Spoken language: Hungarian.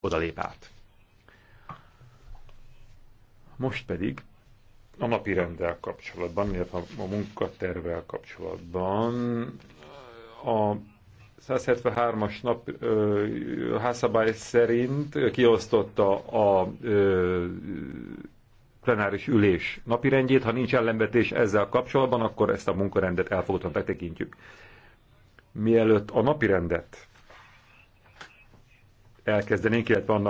odalép át. Most pedig a napi rendel kapcsolatban, illetve a munkatervel kapcsolatban a 173-as nap házszabály szerint kiosztotta a ö, plenáris ülés napirendjét. Ha nincs ellenvetés ezzel kapcsolatban, akkor ezt a munkarendet elfogadva betekintjük. Mielőtt a napirendet elkezdenénk, illetve annak